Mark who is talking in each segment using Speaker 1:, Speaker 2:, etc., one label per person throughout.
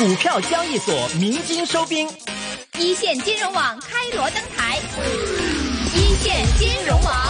Speaker 1: 股票交易所鳴金收兵，
Speaker 2: 一線金融網開鑼登台，一線金融網。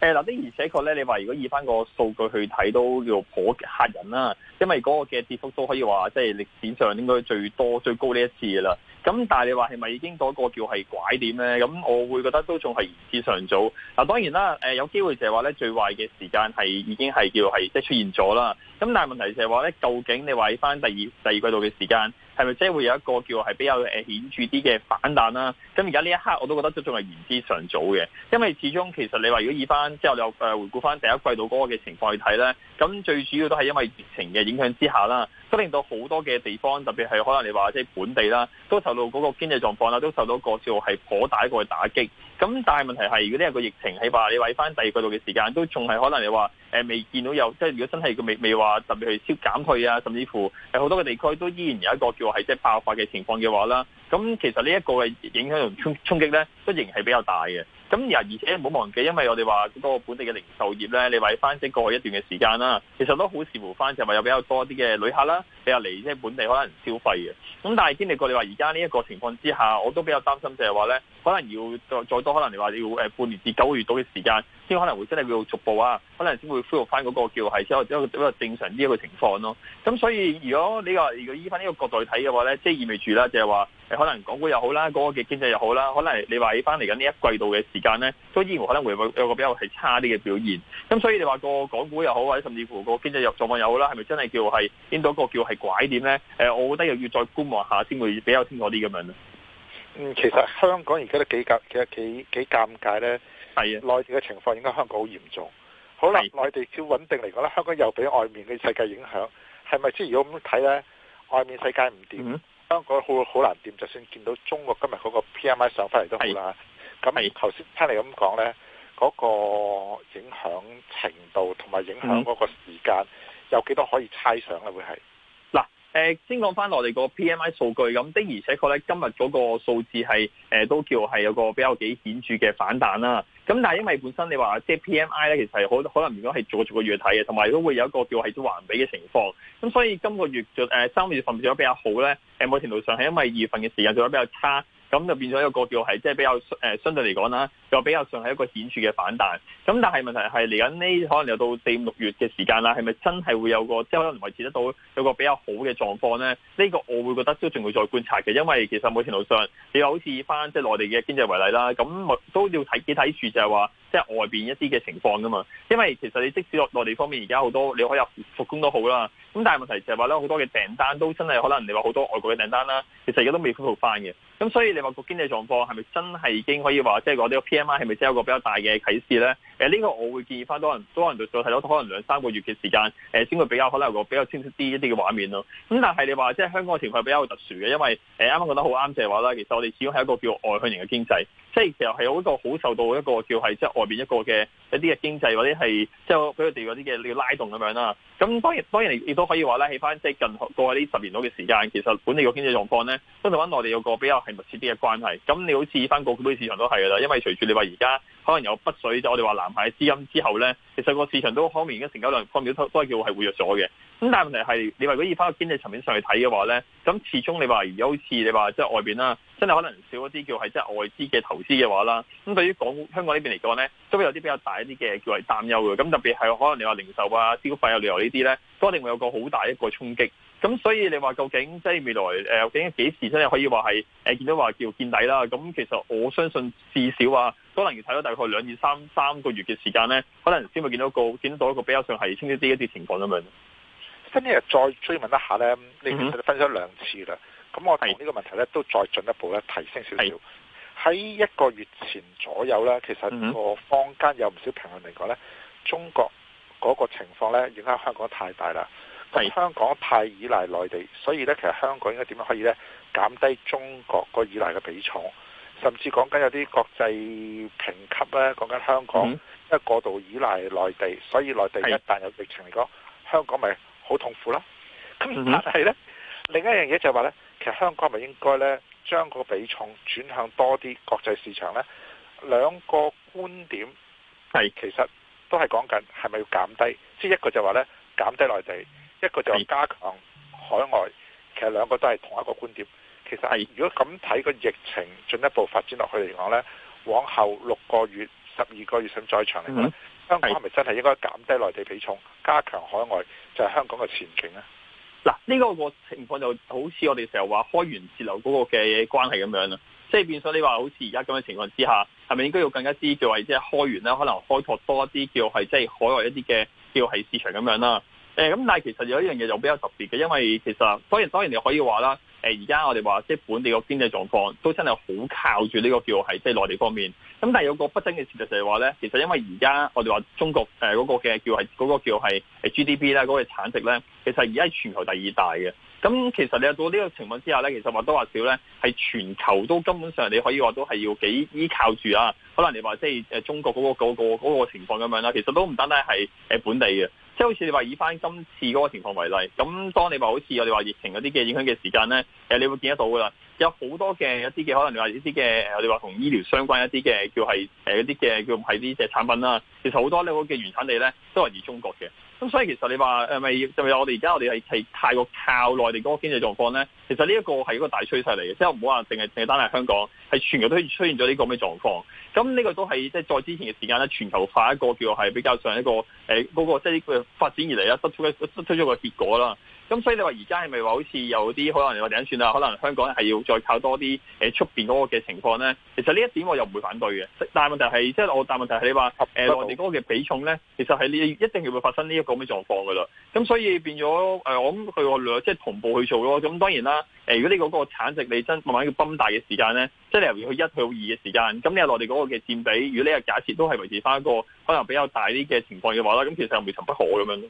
Speaker 1: 誒、呃，嗱啲而且確咧，你話如果以翻個數據去睇都叫頗嚇人啦，因為嗰個嘅跌幅都可以話即係歷史上應該最多最高呢一次啦。咁但係你話係咪已經嗰個叫係拐點咧？咁我會覺得都仲係言之尚早。嗱、呃，當然啦，呃、有機會就係話咧最壞嘅時間係已經係叫係即係出現咗啦。咁但係問題就係話咧，究竟你話以翻第二第二季度嘅時間，係咪即係會有一個叫係比較顯著啲嘅反彈啦？咁而家呢一刻我都覺得都仲係言之尚早嘅，因為始終其實你話如果以翻之後又回顧翻第一季度嗰個嘅情況去睇咧，咁最主要都係因為疫情嘅影響之下啦，都令到好多嘅地方特別係可能你話即係本地啦，都受到嗰個經濟狀況啦，都受到個照係頗大一個嘅打擊。咁但係問題係，如果呢一個疫情，係話你維翻第二季度嘅時間，都仲係可能你話呃、未見到有，即係如果真係佢未未話特別去消減去啊，甚至乎好多嘅地區都依然有一個叫係即係爆發嘅情況嘅話啦。咁其實呢一個嘅影響同衝衝擊咧，都仍係比較大嘅。咁而而且唔好忘記，因為我哋話嗰個本地嘅零售業咧，你維翻即係過去一段嘅時間啦，其實都好似乎翻，就係話有比較多啲嘅旅客啦，比較嚟即係本地可能消費嘅。咁但係經歷過你話而家呢一個情況之下，我都比較擔心就係話咧。可能要再再多，可能你話要半年至九個月度嘅時間，先可能會真係會逐步啊，可能先會恢復翻嗰個叫係一個比較正常啲一，一個情況咯，啊。咁所以如果你話依翻呢個角度去睇嘅話咧，即係意味住啦就係話可能港股又好啦，嗰個嘅經濟又好啦，可能你話起翻嚟緊呢一季度嘅時間咧，都依然可能會有個比較係差啲嘅表現。咁所以你話個港股又好，或者甚至乎個經濟又狀況又好啦，係咪真係叫係見到個叫係拐點咧？誒，我覺得又要再觀望下先會比較清楚啲咁樣咧。嗯，其實香港而家都幾尷，其實幾，幾尷尬咧。係啊，內地嘅情況應該香港好嚴重。好啦，
Speaker 3: 內地照穩定嚟講咧，香港又俾外面嘅世界影響，係咪即係如果咁睇咧，外面世界唔掂、嗯，香港好好難掂。就算見到中國今日嗰個 PMI 上返嚟都好啦。咁頭先聽你咁講咧，嗰、嗰個影響程
Speaker 1: 度同埋影響嗰個時間，有幾多可以猜想啊？會係？先講翻我哋個 PMI 數據咁的呢，而且確咧今日嗰個數字係、呃、都叫係有個比較幾顯著嘅反彈啦。咁但係因為本身你話即係 PMI 咧，其實好可能如果係做做個月睇嘅，同埋都會有一個叫係都環比嘅情況。咁所以今個月就、呃、三月份做得比較好咧。某程度上係因為二月份嘅時間做得比較差。咁就變咗一個個係係即係比較誒相對嚟講啦，就比較上係一個顯著嘅反彈。咁但係問題係嚟緊呢，可能有到四五六月嘅時間啦，係咪真係會有個即係可能維持得到有個比較好嘅狀況咧？呢、呢個我會覺得都仲會再觀察嘅，因為其實某程度上你話好似翻即係內地嘅經濟為例啦，咁都要睇幾睇住就係話即係外面一啲嘅情況噶嘛。因為其實你即使內內地方面而家好多你可以、啊、復工都好啦。咁但係問題就係話咧，好多嘅訂單都真係可能你話好多外國嘅訂單啦，其實而家都未恢復翻嘅。咁所以你話個經濟狀況係咪真係已經可以話即係嗰啲 PMI 係咪真係一個比較大嘅啟示咧？誒、這、呢個我會建議翻多人都可能睇多可能兩三個月嘅時間誒先會比較可能有個比較清晰啲一啲嘅畫面咯。咁但係你話即係香港嘅情況比較特殊嘅，因為誒啱啱覺得好啱就係話啦，其實我哋始終係一個叫外向型嘅經濟，即係其實係有一個好受到一個叫係即係外邊一個嘅一啲嘅經濟或者係即係佢哋嗰啲嘅呢個拉動咁樣啦。咁當然當然都可以話呢，起返即係近過去呢十年多嘅時間，其實本地個經濟狀況呢，都同翻內地有個比較係密切啲嘅關係。咁你好似返個港股市場都係㗎喇，因為隨住你話而家可能有北水，即係我哋話南下資金之後呢。其實個市場都方面，而家成交量方面都都係叫係活躍咗嘅。咁但係問題係，你話如果要翻個經濟層面上去睇嘅話咧，咁始終你話好似你話即係外邊啦，真係可能少一啲叫係即係外資嘅投資嘅話啦。咁對於港香港呢邊嚟講咧，都會有啲比較大一啲嘅叫為擔憂嘅。咁特別係可能你話零售啊、消費啊、旅遊呢啲咧，都一定會有個好大一個衝擊。咁所以你話究竟即係未來、呃、究竟幾時先可以話係、呃、見到話叫見底啦？咁其實我相信至少話、啊、可能要睇到大概兩至三三個月嘅時間咧，可能先會見到個見到一個比較上係清晰啲一啲情況咁樣。今日再追問一下咧，你其實都分
Speaker 3: 咗兩次啦。咁、mm-hmm. 我同呢個問題咧都再進一步咧提升少少。喺一個月前左右咧，其實個坊間有唔少評論嚟講咧，mm-hmm. 中國嗰個情況咧影響香港太大啦。香港太依賴內地，所以咧，其實香港應該點樣可以咧減低中國個依賴嘅比重，甚至講緊有啲國際評級咧講緊香港，因為過度依賴內地，所以內地一旦有疫情嚟講，香港咪好痛苦咯。咁但係咧、嗯，另一樣嘢就係話咧，其實香港係咪應該咧將個比重轉向多啲國際市場咧。兩個觀點係其實都係講緊係咪要減低，即係一個就話咧減低內地。一個就係加強海外，其實兩個都係同一個觀點。其實係如果咁睇個疫情進一步發展落去嚟講咧，往後六個月、十二個月甚至再長嚟講、嗯，香港係咪真係應該減
Speaker 1: 低內地比重，加強海外就係、是、香港嘅前景咧？嗱，呢個個情況就好似我哋成日話開源節流嗰個嘅關係咁樣啦。即、就、係、是、變咗你話好似而家咁嘅情況之下，係咪應該要更加知，叫係即係開源啦？可能開拓多一啲叫係即係海外一啲嘅叫係市場咁樣啦？咁，但係其實有一樣嘢就比較特別嘅，因為其實當然當然你可以話啦，而家我哋話即係本地個經濟狀況都真係好靠住呢個叫係即係內地方面。咁但係有個不爭嘅事實就係話咧，其實因為而家我哋話中國嗰、呃嗰個嘅叫係、嗰個、叫係 GDP 咧嗰個產值咧，其實而家係全球第二大嘅。咁其實你到呢個情況之下咧，其實或多或少咧係全球都根本上你可以話都係要幾依靠住啊。可能你話即係中國嗰、嗰個、嗰個個、嗰個情況咁樣啦，其實都唔單單係本地嘅。即係好似你話以翻今次嗰個情況為例，咁當你話好似我哋話疫情嗰啲嘅影響嘅時間咧，誒你會見得到噶啦，有好多嘅一啲嘅可能你話一啲嘅我哋話同醫療相關一啲嘅叫係誒一啲嘅叫係呢隻產品啦、啊，其實好多呢嗰個嘅原產地咧都係以中國嘅。咁所以其實你話誒咪就咪我哋而家我哋係係太過靠內地嗰個經濟狀況呢。其實呢一個係一個大趨勢嚟嘅，即係唔好話淨係單係香港，係全球都出現咗呢個咁嘅狀況。咁呢個都係即係再之前嘅時間呢，全球化一個叫做係比較上一個誒嗰、欸那個即係佢發展而嚟啦，得出，得出一出咗個結果啦。咁所以你話而家係咪話好似有啲可能話點算啊？可能香港係要再靠多啲誒出邊嗰個嘅情況咧？其實呢一點我又唔會反對嘅。但問題係即係我大問題係你話誒內地嗰個嘅比重咧，其實係你一定係會發生呢一個咁嘅狀況噶啦。咁所以變咗、呃、我諗佢話兩即係同步去做咯。咁當然啦，呃、如果你嗰個產值你真慢慢要崩大嘅時間咧，即係又要去一到二嘅時間，咁你係內地嗰個嘅佔比，如果呢個假設都係維持翻一個可能比較大啲嘅情況嘅話啦，咁其實又未嘗不可咁樣咯。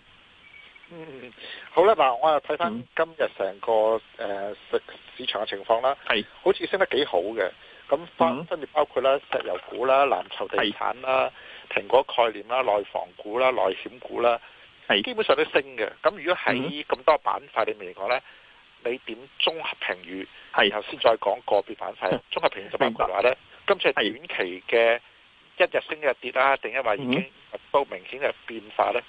Speaker 1: 嗯，好啦，嗱，我又睇翻今日成
Speaker 3: 個市場嘅情況啦，好似升得幾好嘅，咁分分別包括啦石油股啦、藍籌地產啦、蘋果概念啦、內房股啦、內險股啦，基本上都升嘅。咁如果喺咁多板塊裏面嚟講咧，你點綜合評語？然後先再講個別板塊。綜合評語就講話咧，今次係短期
Speaker 1: 嘅一日升一日跌啦，定係話已經都明顯嘅變化咧？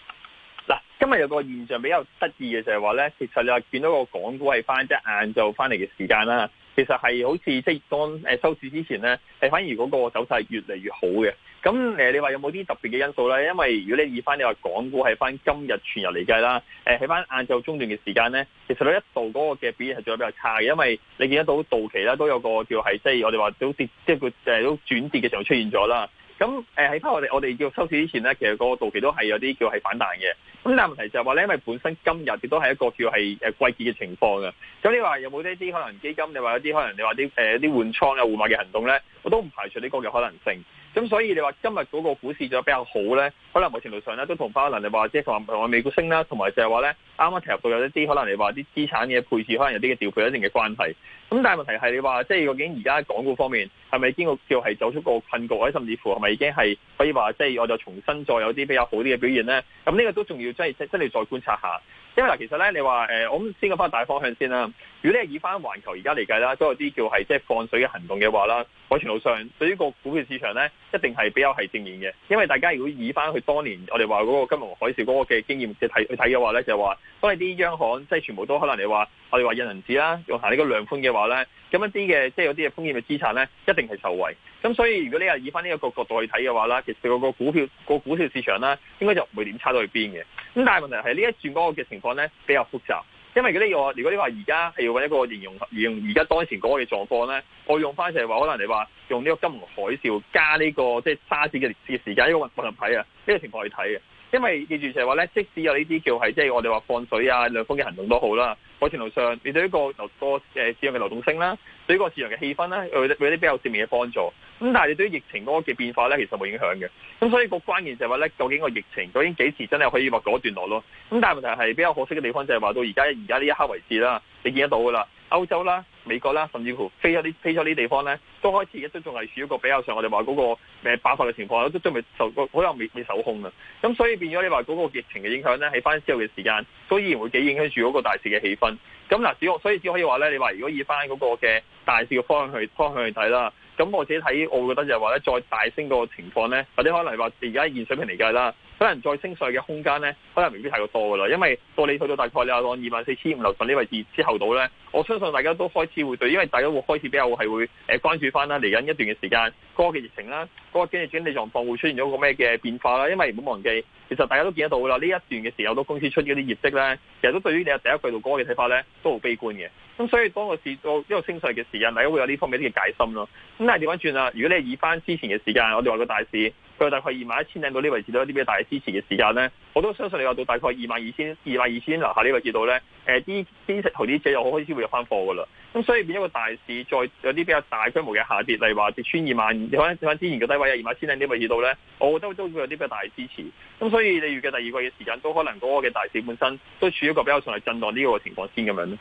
Speaker 1: 今日有個現象比較得意嘅就係話咧，其實你話見到個港股係翻即係晏晝翻嚟嘅時間啦，其實係好似即係當收市之前咧，係反而嗰個走勢越嚟越好嘅。咁你話有冇啲特別嘅因素咧？因為如果你以翻你話港股係翻今日全日嚟計啦，誒喺翻晏晝中段嘅時間咧，其實咧一度嗰個嘅表現係做得比較差嘅，因為你見得到到期啦都有個叫係即係我哋話都跌，即係佢都轉跌嘅時候出現咗啦。咁誒喺翻我哋我哋叫收市之前咧，其實個到期都係有啲叫係反彈嘅。咁但係問題就係話咧，因為本身今日亦都係一個叫係誒季節嘅情況嘅。咁你話有冇呢啲可能基金？你話有啲可能你話啲誒啲換倉換馬嘅行動咧？我都唔排除呢個嘅可能性。咁所以你話今日嗰個股市就比較好咧，可能某程度上咧都同包粉你話，即係同話我美股升啦，同埋就係話咧啱啱提及到有一啲可能你，你話啲資產嘅配置可能有啲嘅調配有一定嘅關係。咁但係問題係你話即係究竟而家港股方面係咪經過叫係走出個困局，或者甚至乎係咪已經係可以話即係我就重新再有啲比較好啲嘅表現咧？咁呢個都仲要真係真真係再觀察下。因為其實咧，你話、呃、我咁先講翻大方向先啦。如果你係以翻環球而家嚟計啦，都有啲叫係即係放水嘅行動嘅話啦，海泉路上對於個股票市場咧，一定係比較係正面嘅。因為大家如果以翻佢當年我哋話嗰個金融海嘯嗰個嘅經驗去睇去睇嘅話咧，就係、是、話，當你啲央行即係全部都可能你話我哋話印銀紙啦，用行呢個量寬嘅話咧，咁一啲嘅即係有啲嘅風險嘅資產咧，一定係受惠。咁所以如果你又以翻呢一個角度去睇嘅話咧，其實個個股票、個股票市場咧，應該就唔會點差到去邊嘅。咁但問題係呢一轉嗰個嘅情況呢，比較複雜，因為如果你話而家係要揾一個形容形容而家當前嗰個嘅狀況呢，我用返就係話可能你話用呢個金融海嘯加呢、呢個即係、就是、沙士嘅時間呢、呢個問題去睇啊呢個情況去睇嘅，因為記住就係話呢，即使有呢啲叫係即係我哋話放水呀、啊、量寬嘅行動都好啦。喺程度上，你對呢個流多誒市場嘅流動性啦，對呢個市場嘅氣氛咧，會有啲比較正面嘅幫助。咁但係你對於疫情嗰個嘅變化咧，其實冇影響嘅。咁所以個關鍵就係話咧，究竟個疫情究竟幾時真係可以話告一段落咯？咁但係問題係比較可惜嘅地方就係話，到而家而家呢一刻為止啦，你見得到噶啦，歐洲啦。美國啦，甚至乎飛咗啲飛咗啲地方咧，都開始而家都仲係處一個比較上我哋話嗰個爆發嘅情況，都仲未受過可能未未受控啊。咁所以變咗你話嗰個疫情嘅影響咧，喺翻之後嘅時間都依然會幾影響住嗰個大市嘅氣氛。咁嗱，只所以只可以話咧，你話如果以翻嗰個嘅大市嘅方向去方向去睇啦，咁我自己睇，我會覺得就係話咧，再大升嗰個情況咧，或者可能話而家現水平嚟計啦。可能再升上嘅空間咧，可能未必太過多噶啦。因為到你去到大概你話當二萬四千五六樓上呢位置之後到咧，我相信大家都開始會對，因為大家都開始比較係會誒關注翻啦。嚟緊一段嘅時間，嗰、嗰個嘅疫情啦，嗰、嗰個經濟經濟狀況會出現咗個咩嘅變化啦。因為唔好忘記，其實大家都見得到啦。呢一段嘅時候，都公司出嗰啲業績咧，其實都對於你嘅第一季度嗰個睇法咧，都好悲觀嘅。咁所以當個市到呢個升上嘅時陣，大家會有呢方面啲嘅戒心咯。咁但係點樣轉啊？如果你係以翻之前嘅時間，我哋話個大市。佢大概二萬一千零到呢位置都有啲比較大嘅支持嘅時間咧，我都相信你話到大概二萬二千、二萬二千樓下呢個位置度咧，誒啲啲投資者又好開始會入翻貨㗎喇。咁所以變咗個大市再有啲比較大規模嘅下跌，例如話跌穿二萬，可能跌穿之前嘅低位啊，二萬一千零呢個位置度咧，我覺得都會有啲比較大嘅支持。咁所以你預計第二季嘅時間都可能嗰個嘅大市本身都處於一個比較上係震盪呢個情況先咁樣咧。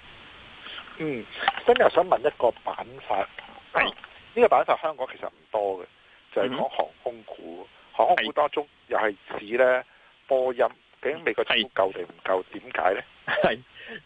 Speaker 1: 嗯，
Speaker 3: 咁又想問一個板塊，呢、呢個板塊香港其實唔多嘅。我哋講航空股，航空股當中又係指咧波音，
Speaker 1: 究竟美國收購定唔夠？點解咧？係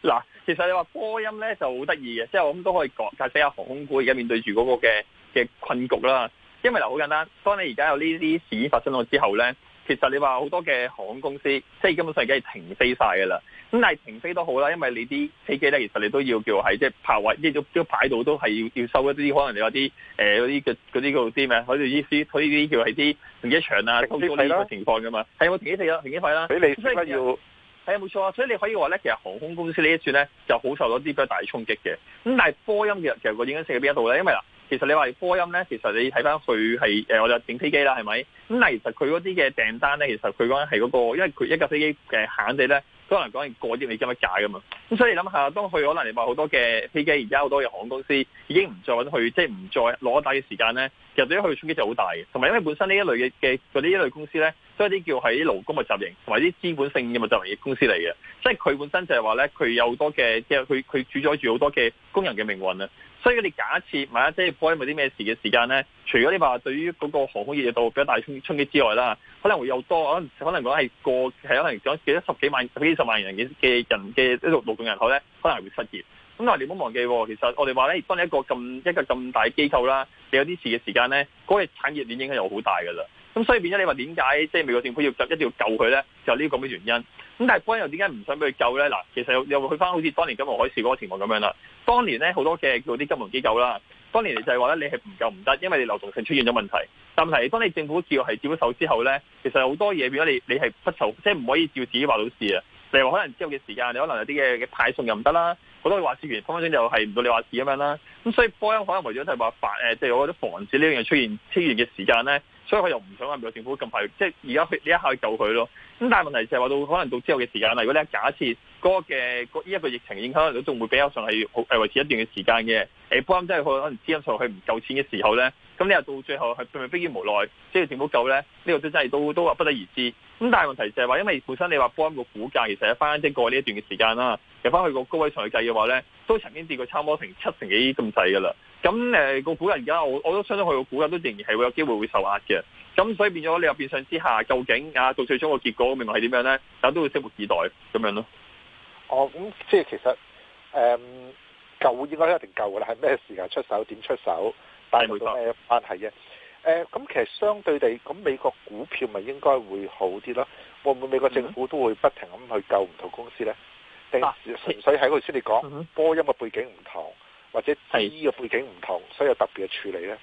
Speaker 1: 嗱，其實你話波音咧就好得意嘅，即係我咁都可以講解釋下航空股而家面對住嗰個嘅嘅困局啦。因為嗱，好簡單，當你而家有呢啲事發生咗之後咧。其實你話好多嘅航空公司，即係根本上而家係停飛晒噶啦。咁但係停飛都好啦，因為你啲飛機咧，其實你都要叫喺即係泊位，即係都都擺到都係要要收一啲可能你話啲誒嗰啲嗰啲叫啲咩，好似呢啲呢啲叫係啲停機場啊、空中呢個情況噶嘛，係我停機費啦，停機費啦，俾你所以要係啊，冇錯啊，所以你可以話咧，其實航空公司一處呢一轉咧就好受咗啲比較大衝擊嘅。咁但係波音其實其實個影響性喺邊一度咧，因為啦。其實你話波音咧，其實你睇翻佢係誒，我就整飛機啦，係咪？咁但其實佢嗰啲嘅訂單咧，其實佢講係嗰個，因為佢一架飛機嘅限地咧，可能講過啲咪加一架噶嘛。咁所以你諗下，當佢可能你話好多嘅飛機，而家好多嘅航空公司已經唔再去，即係唔再攞大嘅時間咧，其實對於佢嘅衝擊就好大嘅。同埋因為本身呢一類嘅嘅嗰啲一類公司咧，都係啲叫喺啲勞工嘅集營同埋啲資本性嘅物集營嘅公司嚟嘅，即係佢本身就係話咧，佢有好多嘅，即係佢佢主宰住好多嘅工人嘅命運啊！所以你假設，萬一即係波音有啲咩事嘅時間咧，除咗你話對於嗰個航空業熱度比較大衝衝擊之外啦，可能會又多可能是是可能講係過係可能想幾多十幾萬、十幾十萬人嘅人嘅一個勞動人口咧，可能會失業。咁但係你唔好忘記，其實我哋話咧，當你一個咁一個咁大機構啦，你有啲事嘅時間咧，嗰、嗰個產業鏈影響又好大㗎啦。咁所以變咗你話點解即係美國政府要就一定要救佢咧？就呢、是、個咁嘅原因。咁但係波音又點解唔想俾佢救咧？嗱，其實又又去翻好似當年金融海嘯嗰個情況咁樣啦。當年咧，好多嘅叫啲金融機構啦，當年就係話咧，你係唔救唔得，因為你流動性出現咗問題。但係當你政府叫係接手之後咧，其實好多嘢變咗，你你係不愁，即係唔可以照自己話到事啊。例如話可能之後嘅時間，你可能有啲嘅派送又唔得啦，好多話事員分分鐘又係唔到你話事咁樣啦。咁所以波音可能為咗就係話防誒，即係我覺得防止呢樣嘢出現出現嘅時間咧。所以佢又唔想話美國政府咁快，即係而家去呢一刻去救佢咯。咁但係問題就係話到可能到之後嘅時間啦。如果你假設嗰、那個嘅呢一個疫情影響，可仲會比較上係好維持一段嘅時間嘅。誒、呃，不啱即係佢可能資金上去唔夠錢嘅時候咧，咁你又到最後係咪逼於無奈，即係政府救咧？呢、這個就真都真係都都話不得而知。咁但係問題就係話，因為本身你話波音個股價，其實喺返經過呢一段嘅時間啦、啊，入返去個高位上去計嘅話呢，都曾經跌過差唔多成七成幾咁滯㗎喇。咁、那個股價而家，我都相信佢個股價都仍然係會有機會會受壓嘅。咁所以變咗你入變相之下，究竟呀，到最終個結果，未來係點樣咧？大家都會拭目以待咁樣囉。哦
Speaker 3: 咁即係其實、嗯、舊夠應該一定舊㗎啦。係咩時間出手？點出手？帶嚟咩關係嘅？誒、呃，咁其實相對地，咁美國股票，咪應該會好啲咯？會唔會美國政府都會不停咁去救唔同公司呢？定純粹喺嗰度先嚟講，波音嘅背景唔
Speaker 1: 同，或者依個背景唔同，所以有特別嘅處理呢？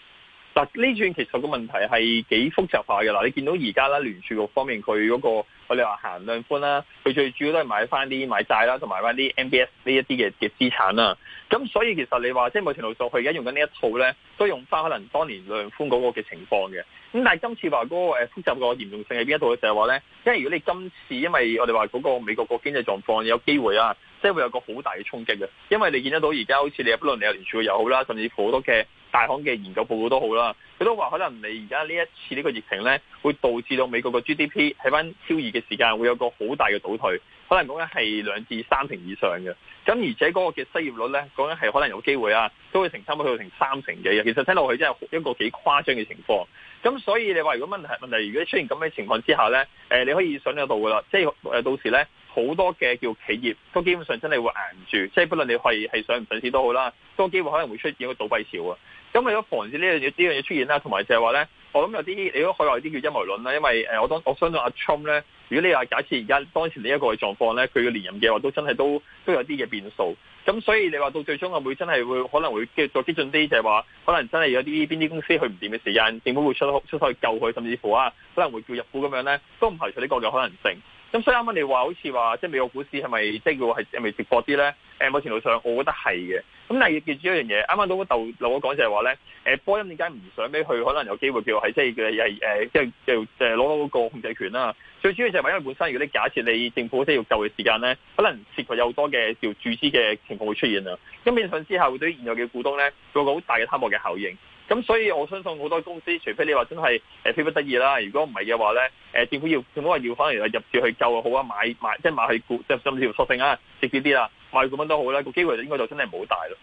Speaker 1: 呢、啊、段其實個問題係幾複雜化嘅啦。你見到而家啦，聯儲局方面佢嗰、那個我哋話行量寬啦、啊，佢最主要都係買翻啲買債啦、啊，同埋翻啲 MBS 呢一啲嘅嘅資產啦、啊。咁所以其實你話即係某程度上，佢而家用緊呢一套咧，都用翻可能當年量寬嗰個嘅情況嘅。咁但係今次話嗰個誒複雜個嚴重性係邊一度嘅就係話咧，因為如果你今次因為我哋話嗰個美國個經濟狀況有機會啊，即、就、係、是、會有一個好大嘅衝擊嘅，因為你見得到而家好似你，不論你有聯儲又好啦，甚至乎好多嘅，大行嘅研究報告好都好啦，佢都話可能你而家呢一次呢個疫情咧，會導致到美國嘅 GDP 喺翻超二嘅時間會有個好大嘅倒退，可能講緊係兩至三成以上嘅。咁而且嗰個嘅失業率咧，講緊係可能有機會啊，都會成三到成三成幾嘅。其實睇落去真係一個幾誇張嘅情況。咁所以你話如果問題，問題如果出現咁嘅情況之下咧、呃，你可以想得到噶啦，即係呃到時咧。好多嘅叫企業都基本上真係會捱唔住，即係不論你係係上唔上市都好啦，都機會可能會出現一個倒閉潮啊！咁為咗防止呢樣嘢、呢樣嘢出現咧，同埋就係話咧，我諗有啲你都可以話啲叫陰謀論啦，因為誒，我當我相信阿 Trump 咧，如果你話假設而家當時呢一個狀況咧，佢嘅連任嘅話都真係都都有啲嘅變數，咁所以你話到最終會唔會真係會可能會即係再激進啲，就係話可能真係有啲邊啲公司去唔掂嘅時間，政府會出出手去救佢，甚至乎啊，可能會叫入股咁樣咧，都唔排除呢個嘅可能性。咁所以啱啱你話好似話，即係美國股市係咪即係係咪跌過啲呢？某程度上我覺得係嘅。咁但係要記住一樣嘢，啱啱到個豆老講就係話呢，波音點解唔想俾佢可能有機會叫係即係係攞到嗰個控制權啦？最主要就係因為本身如果你假設你政府即係要救嘅時間呢，可能潛在又多嘅叫注資嘅情況會出現啊。咁變相之後對現有嘅股東呢，做個好大嘅攤薄嘅效應。咁所以我相信好多公司，除非你話真係誒、呃、非不得已啦，如果唔係嘅話咧，誒、呃、政府要政府話要返嚟入住去救就好啊，買買即係、就是、買去股即係甚至乎索性啊直接啲啊買股蚊都好啦，個機會應該就真係唔好大咯。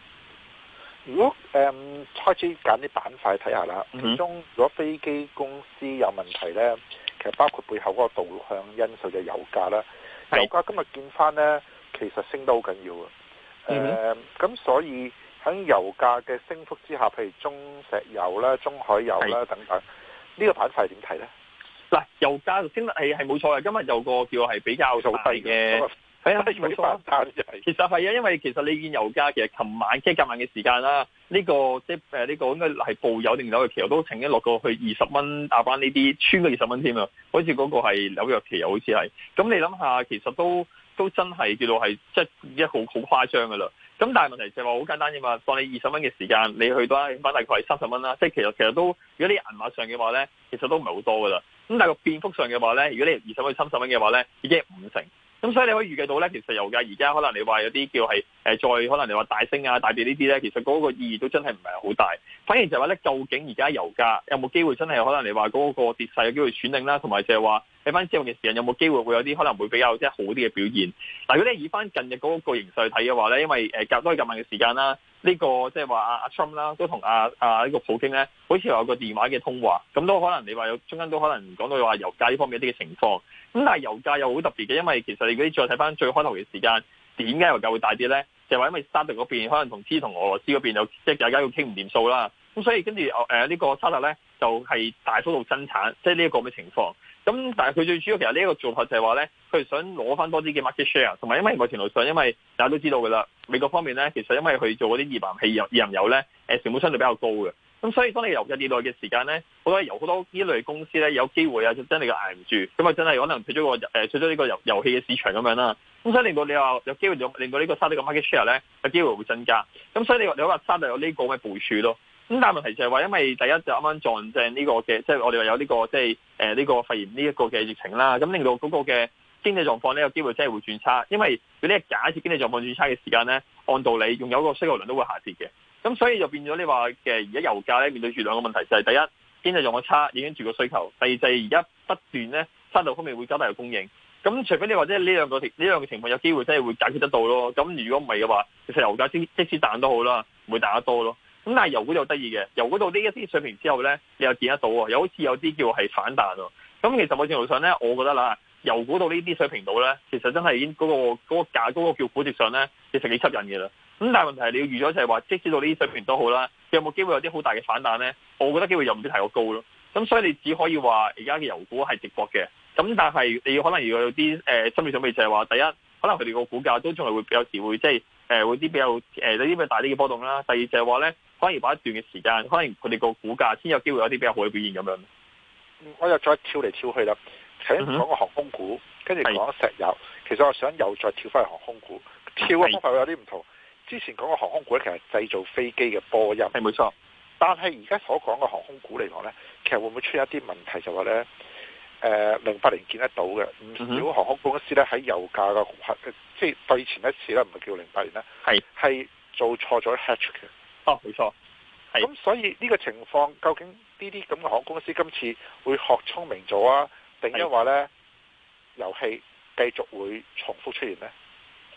Speaker 3: 如果誒、呃、開始揀啲板塊睇下啦，嗯，其中如果飛機公司有問題咧，其實包括背後嗰個導向因素就係油價啦，油價今日見翻咧，其實升得好緊要啊、呃、咁所以。喺油價嘅升幅之下，譬如中石油啦、中海油啦等等，是這個、
Speaker 1: 是怎麼看呢個板塊點睇咧？嗱，油價升得係係冇錯啊！今日有個叫我係比較好睇嘅，係啊，冇錯其實係啊，因為其實你見油價其實琴晚即幾百晚嘅時間啦，呢、這個即係誒呢個應該係布油定紐約期油嘅，其實都曾經落過去二十蚊搭返呢啲，穿過二十蚊添啊！好似嗰個係紐約期油，好似係咁。你諗下，其實都都真係叫做係即係一個好誇張噶啦～咁但係問題就係話好簡單啫嘛，放你二十蚊嘅時間，你去到啊，買大概係三十蚊啦，即係其實其實都，如果你銀碼上嘅話咧，其實都唔係好多噶啦。咁但係個變幅上嘅話咧，如果你二十蚊去三十蚊嘅話咧，已經係五成。咁所以你可以預計到咧，其實油價而家可能你話有啲叫係誒，再可能你話大升啊、大跌呢啲咧，其實嗰個意義都真係唔係好大。反而就係話咧，究竟而家油價有冇機會真係可能你話嗰個跌勢有機會喘定啦，同埋就係話睇翻之後嘅時間有冇機會會有啲可能會比較即係好啲嘅表現。但如果你以翻近日嗰個形勢去睇嘅話咧，因為誒、呃、隔多幾晚嘅時間啦。呢、這個即係話阿阿 Trump 啦，都同阿阿呢個普京咧，好似有個電話嘅通話，咁都可能你話有，中間都可能講到話油價呢方面一啲嘅情況。咁但係油價又好特別嘅，因為其實你如果你再睇翻最開頭嘅時間，點解油價會大跌咧？就係、是、因為沙特嗰邊可能同 T 同俄羅斯嗰邊有即係大家要傾唔掂數啦。咁所以跟住誒、呃這個、呢個沙特咧就係、是、大幅度增產，即係呢一個嘅情況。咁但係佢最主要其實呢一個做法就係話咧，佢想攞翻多啲嘅 market share，同埋因為目前路上因為大家都知道嘅啦。美國方面咧，其實因為佢做嗰啲頁岩氣頁岩油咧，成本相對比較高嘅，咁所以當你由一兩年嘅時間咧，好多得有好多呢類公司咧有機會啊，就真係嘅捱唔住，咁啊真係可能除咗個誒退呢個遊遊戲嘅市場咁樣啦，咁所以令到你話有機會令到呢個沙地嘅 market share 咧，有機會會增加，咁所以你你話沙地有呢個嘅部署咯，咁但係問題就係話，因為第一就啱啱撞正呢個嘅，即係我哋話有呢個即係呢個肺炎呢一個嘅疫情啦，咁令到嗰個嘅。經濟狀況咧有機會真係會轉差，因為佢呢你假設經濟狀況轉差嘅時間咧，按道理用有一個需求量都會下跌嘅，咁所以就變咗你話嘅而家油價咧面對住兩個問題，就係，就係第一經濟狀況差影響住個需求，第二就係而家不斷咧沙特方面會加大個供應。咁除非你話即係呢兩個呢兩個情況有機會真係會解決得到咯。咁如果唔係嘅話，其實油價先即使彈都好啦，唔會彈得多咯。咁但係油股又得意嘅，油股到呢一啲水平之後咧，你又見得到喎，又好似有啲叫係反彈喎。咁其實某程度上咧，我覺得啦。油股到呢啲水平度咧，其實真係已經嗰個嗰個價嗰個叫估值上咧，其實幾吸引嘅啦。咁但係問題係你要預咗就係話，即使到呢啲水平都好啦，有冇機會有啲好大嘅反彈咧？我覺得機會又唔知太過高咯。咁所以你只可以話而家嘅油股係值博嘅。咁但係你要可能如果有啲、呃、心理準備就係話，第一可能佢哋個股價都仲係會比較時會即係誒、呃、會啲比較有啲、呃、比較大啲嘅波動啦。第二就係話咧，反而把一段嘅時間，可能佢哋個股價先有機會有啲比較好嘅表現咁樣。
Speaker 3: 我又再跳嚟跳去啦。睇講個航空股，跟住講石油。其實我想又再跳翻去航空股，跳嘅方法會有啲唔同。之前講個航空股其實製造飛機嘅波音，係冇錯。但係而家所講嘅航空股嚟講呢，其實會唔會出一啲問題？就話呢，誒零八年見得到嘅唔少航空公司呢喺油價嘅即係對前一次咧，唔係叫零八年咧，係做錯咗 hatch 嘅。哦，冇錯。咁所以呢個情況究竟呢啲咁嘅航空公司今次會學聰明咗啊？定係話咧遊戲繼續
Speaker 1: 會重複出現咧？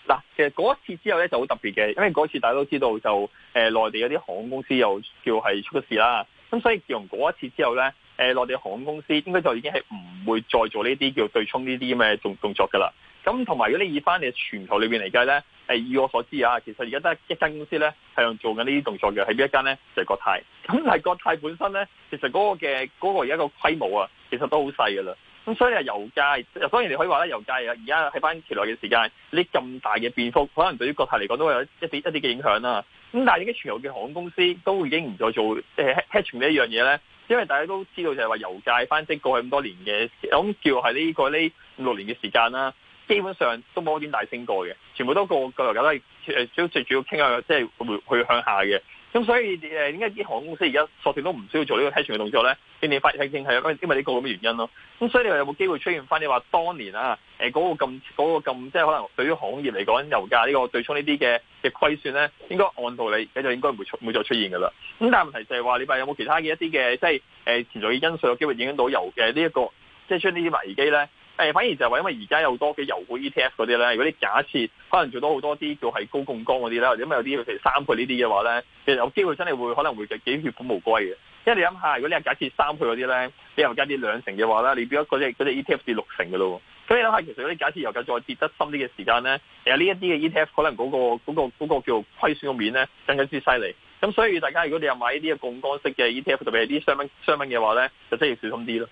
Speaker 1: 嗱，其實嗰一次之後咧就好特別嘅，因為嗰次大家都知道就誒、呃、內地有啲航空公司又叫係出咗事啦，咁所以從嗰一次之後咧，誒、呃、內地航空公司應該就已經係唔會再做呢啲叫對沖呢啲咁嘅動動作㗎啦。咁同埋如果你以翻你全球裏邊嚟計咧，誒、呃、以我所知啊，其實而家得一間公司咧係用做緊呢啲動作嘅，係邊一間咧？就係、是、國泰。咁但係國泰本身咧，其實嗰、那個嘅嗰、那個而家個規模啊，其實都好細㗎啦。咁所以係油價，當然你可以話咧，油價而家喺翻期內嘅時間，呢咁大嘅變幅，可能對於國泰嚟講都有一啲一啲嘅影響啦。咁但係點解全球嘅航空公司都已經唔再做誒、呃、hatching 呢一樣嘢咧？因為大家都知道就係話油價翻升過去咁多年嘅，講叫係呢、呢個呢五六年嘅時間啦，基本上都冇點大升過嘅，全部都個個油價都係誒，最主要傾下即係回去向下嘅。咁所以誒，點解啲航空公司而家索性都唔需要做呢個睇船嘅動作呢？咧？正正係因為呢個咁嘅原因囉。咁所以你話有冇機會出現返，你話當年啦、啊、嗰、那個咁嗰、那個咁即係可能對於行業嚟講油價呢個對沖算呢啲嘅嘅虧損咧，應該按道理佢就應該唔會出唔會再出現㗎喇。咁但係問題就係話你話有冇其他嘅一啲嘅即係誒潛在嘅因素有機會影響到油嘅、呃這個就是、呢一個即係出呢啲危機咧？誒，反而就係話，因為而家有好多嘅油股 ETF 嗰啲咧，如果你假設可能做到好多啲叫係高槓桿嗰啲啦。或者咁有啲譬如三倍這些的呢啲嘅話咧，其實有機會真係會可能會幾血本無歸嘅。因為你諗下，如果你係假設三倍嗰啲咧，你又加啲兩成嘅話咧，你變咗嗰隻隻 ETF 跌六成嘅咯。咁你諗下，其實如果假設油價再跌得深啲嘅時間咧，其實呢一啲嘅 ETF 可能嗰、嗰個嗰、嗰個嗰個叫虧損嘅面咧更加之犀利。咁所以大家如果你有買呢啲嘅槓桿式嘅 ETF，特別係啲商品商嘅話咧，就真係要小心啲咯。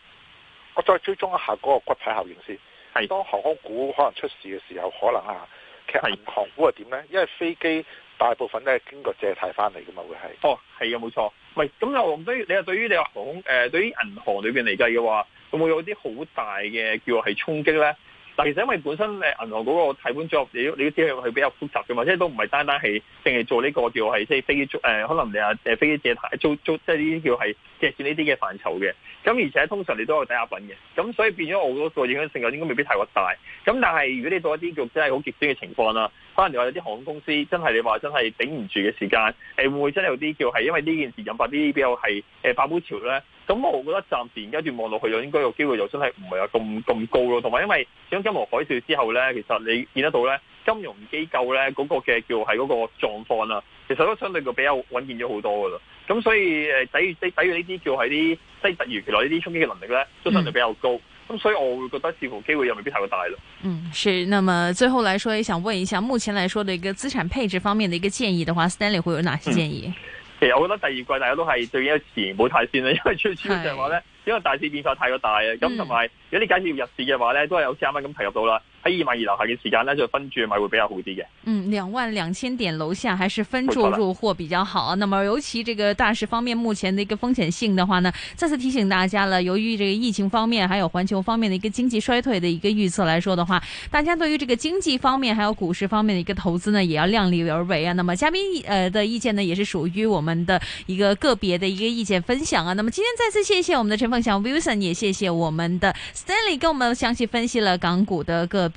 Speaker 1: 我再追蹤一下嗰個骨牌效應先。係當航空股可能出
Speaker 3: 事嘅時候，可能啊，其實銀行股係點咧？因為飛機大部分都係經過借
Speaker 1: 貸翻嚟噶嘛，會係。哦，係嘅，冇錯。咪咁又對，你又對於你話航空、呃、對於銀行裏面嚟計嘅話，會唔會有啲好大嘅叫係衝擊咧？嗱，其實因為本身誒銀行嗰個貸款組合，你你都知係佢比較複雜嘅嘛，即係都唔係單單係淨係做呢個叫係即係飛機租，可能你話誒飛機借貸租租，即係呢啲叫係借錢呢啲嘅範疇嘅。咁而且通常你都有抵押品嘅，咁所以變咗我嗰個影響性又應該未必太過大。咁但係如果你到一啲叫真係好極端嘅情況啦，可能你話有啲航空公司真係你話真係頂唔住嘅時間，誒會唔會真係有啲叫係因為呢件事引發啲比較係誒爆煲潮咧？咁我覺得暫時而家段望落去，就應該個機會就真係唔係有咁咁高咯。同埋因為始終金融海嘯之後咧，其實你見得到咧，金融機構咧嗰、那個嘅叫係嗰個狀況啦，其實都相對就比較穩健咗好多噶啦。咁所以誒、呃，抵禦抵呢啲叫係啲即係突如其來呢啲衝擊嘅能力咧，都相對比較高。咁、嗯、所以我會覺得似乎機會又未必太過大咯。嗯，
Speaker 2: 是。那麼最後來說，也想問一下目前來說嘅一個資產配置方面嘅一個建議的話，Stanley 會有哪些建議？嗯
Speaker 1: 其實我覺得第二季大家都係最緊要遲冇太先啦，因為最主要就係話咧，因為大市變化太過大啊，咁同埋如果啲街市入市嘅話咧，都係好似啱啱咁提及到啦。二、嗯、萬二樓下就分注
Speaker 2: 咪會比較好啲嘅。嗯，兩萬兩千點樓下，還是分注入貨比較好。那麼尤其這個大市方面，目前的一個風險性的話呢，再次提醒大家了。由於這個疫情方面，還有環球方面的一個經濟衰退的一個預測來說的話，大家對於這個經濟方面，還有股市方面的一個投資呢，也要量力而為啊。那麼嘉賓呃，的意見呢，也是屬於我們的一個個別的一個意見分享啊。那麼今天再次謝謝我們的陳鳳祥 Wilson，也謝謝我們的 Stanley，跟我們詳細分析了港股的個別。